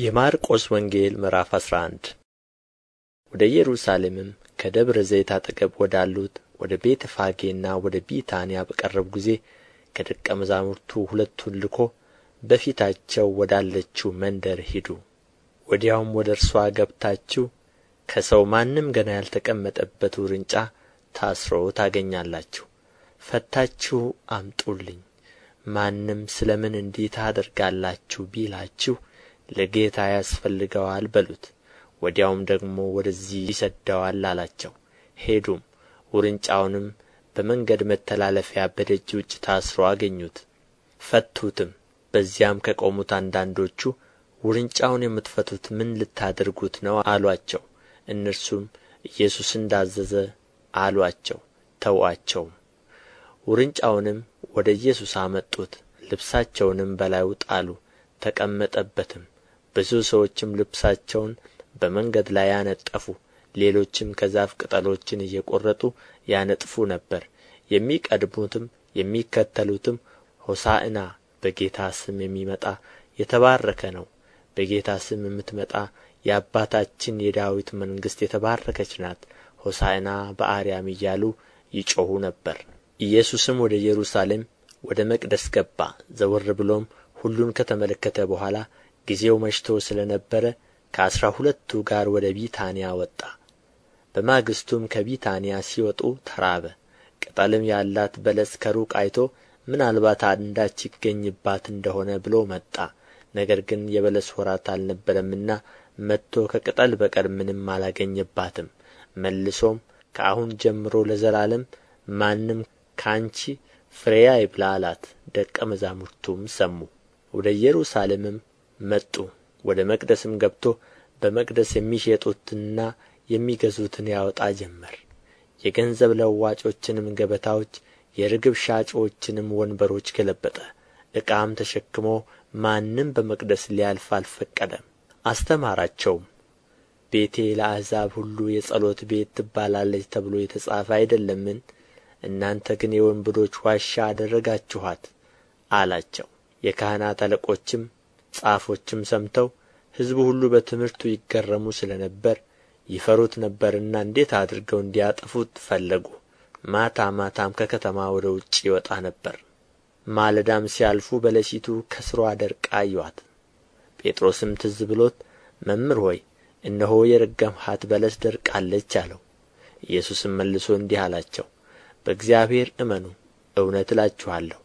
የማርቆስ ወንጌል ምዕራፍ 11 አንድ ወደ ኢየሩሳሌምም ከደብረ ዘይት አጠገብ ወዳሉት ወደ ቤተ ፋጌና ወደ ቢታንያ በቀረቡ ጊዜ ከደቀ መዛሙርቱ ሁለቱን ልኮ በፊታቸው ወዳለችው መንደር ሂዱ፣ ወዲያውም ወደ እርሷ ገብታችሁ ከሰው ማንም ገና ያልተቀመጠበት ውርንጫ ታስሮ ታገኛላችሁ፣ ፈታችሁ አምጡልኝ። ማንም ስለ ምን እንዲህ ታደርጋላችሁ ቢላችሁ ለጌታ ያስፈልገዋል በሉት ወዲያውም ደግሞ ወደዚህ ይሰደዋል አላቸው ሄዱም ውርንጫውንም በመንገድ መተላለፊያ በደጅ ውጭ ታስሮ አገኙት ፈቱትም በዚያም ከቆሙት አንዳንዶቹ ውርንጫውን የምትፈቱት ምን ልታደርጉት ነው አሏቸው እነርሱም ኢየሱስ እንዳዘዘ አሏቸው ተዋቸውም ውርንጫውንም ወደ ኢየሱስ አመጡት ልብሳቸውንም በላዩ ጣሉ ተቀመጠበትም ብዙ ሰዎችም ልብሳቸውን በመንገድ ላይ አነጠፉ ሌሎችም ከዛፍ ቅጠሎችን እየቈረጡ ያነጥፉ ነበር የሚቀድሙትም የሚከተሉትም ሆሳእና በጌታ ስም የሚመጣ የተባረከ ነው በጌታ ስም የምትመጣ የአባታችን የዳዊት መንግሥት የተባረከች ናት ሆሳእና በአርያም እያሉ ይጮኹ ነበር ኢየሱስም ወደ ኢየሩሳሌም ወደ መቅደስ ገባ ዘወር ብሎም ሁሉን ከተመለከተ በኋላ ጊዜው መሽቶ ስለ ነበረ ከአሥራ ሁለቱ ጋር ወደ ቢታንያ ወጣ በማግስቱም ከቢታንያ ሲወጡ ተራበ ቅጠልም ያላት በለስ ከሩቅ አይቶ ምናልባት አንዳች ይገኝባት እንደሆነ ብሎ መጣ ነገር ግን የበለስ ወራት አልነበረምና መጥቶ ከቅጠል በቀር ምንም አላገኘባትም መልሶም ከአሁን ጀምሮ ለዘላለም ማንም ካንቺ ፍሬ አይብላ አላት ደቀ መዛሙርቱም ሰሙ ወደ ኢየሩሳሌምም መጡ ወደ መቅደስም ገብቶ በመቅደስ የሚሸጡትንና የሚገዙትን ያወጣ ጀመር የገንዘብ ለዋጮችንም ገበታዎች የርግብ ሻጮችንም ወንበሮች ገለበጠ ዕቃም ተሸክሞ ማንም በመቅደስ ሊያልፍ አልፈቀደም አስተማራቸውም ቤቴ ለአሕዛብ ሁሉ የጸሎት ቤት ትባላለች ተብሎ የተጻፈ አይደለምን እናንተ ግን የወንበዶች ዋሻ አደረጋችኋት አላቸው የካህናት አለቆችም ጻፎችም ሰምተው ሕዝቡ ሁሉ በትምህርቱ ይገረሙ ስለ ነበር ይፈሩት ነበርና እንዴት አድርገው እንዲያጠፉት ፈለጉ ማታ ማታም ከከተማ ወደ ውጭ ይወጣ ነበር ማለዳም ሲያልፉ በለሲቱ ከስሯ ደርቃ አዩአት ጴጥሮስም ትዝ ብሎት መምህር ሆይ እነሆ የረገምሃት በለስ ደርቃለች አለው ኢየሱስም መልሶ እንዲህ አላቸው በእግዚአብሔር እመኑ እውነት እላችኋለሁ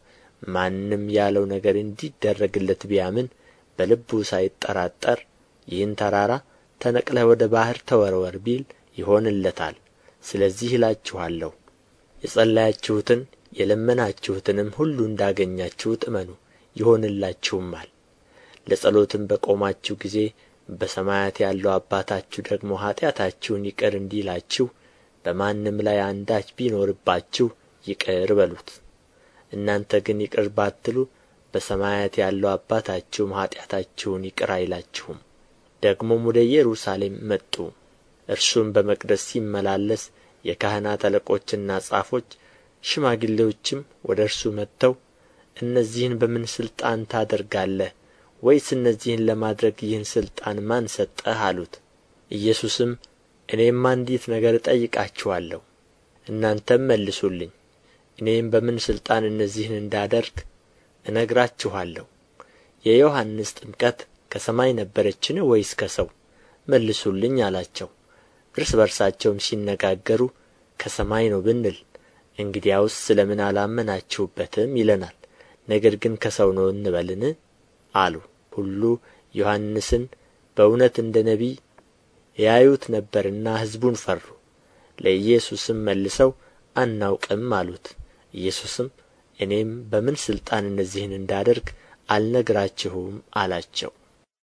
ማንም ያለው ነገር እንዲደረግለት ቢያምን በልቡ ሳይጠራጠር ይህን ተራራ ተነቅለህ ወደ ባሕር ተወርወር ቢል ይሆንለታል ስለዚህ እላችኋለሁ የጸለያችሁትን የለመናችሁትንም ሁሉ እንዳገኛችሁት እመኑ ይሆንላችሁማል ለጸሎትም በቆማችሁ ጊዜ በሰማያት ያለው አባታችሁ ደግሞ ኀጢአታችሁን ይቅር እንዲላችሁ በማንም ላይ አንዳች ቢኖርባችሁ ይቅር በሉት እናንተ ግን ይቅር ባትሉ በሰማያት ያለው አባታችሁም ኃጢአታችሁን ይቅር አይላችሁም ደግሞም ወደ ኢየሩሳሌም መጡ እርሱም በመቅደስ ሲመላለስ የካህናት አለቆችና ጻፎች ሽማግሌዎችም ወደ እርሱ መጥተው እነዚህን በምን ሥልጣን ታደርጋለህ ወይስ እነዚህን ለማድረግ ይህን ሥልጣን ማን ሰጠህ አሉት ኢየሱስም እኔም አንዲት ነገር እጠይቃችኋለሁ እናንተም መልሱልኝ እኔም በምን ሥልጣን እነዚህን እንዳደርግ እነግራችኋለሁ የዮሐንስ ጥምቀት ከሰማይ ነበረችን ወይስ ከሰው መልሱልኝ አላቸው እርስ በርሳቸውም ሲነጋገሩ ከሰማይ ነው ብንል እንግዲያውስ ስለ ምን አላመናችሁበትም ይለናል ነገር ግን ከሰው ነው እንበልን አሉ ሁሉ ዮሐንስን በእውነት እንደ ነቢይ ያዩት ነበርና ሕዝቡን ፈሩ ለኢየሱስም መልሰው አናውቅም አሉት ኢየሱስም እኔም በምን ሥልጣን እነዚህን እንዳደርግ አልነግራችሁም አላቸው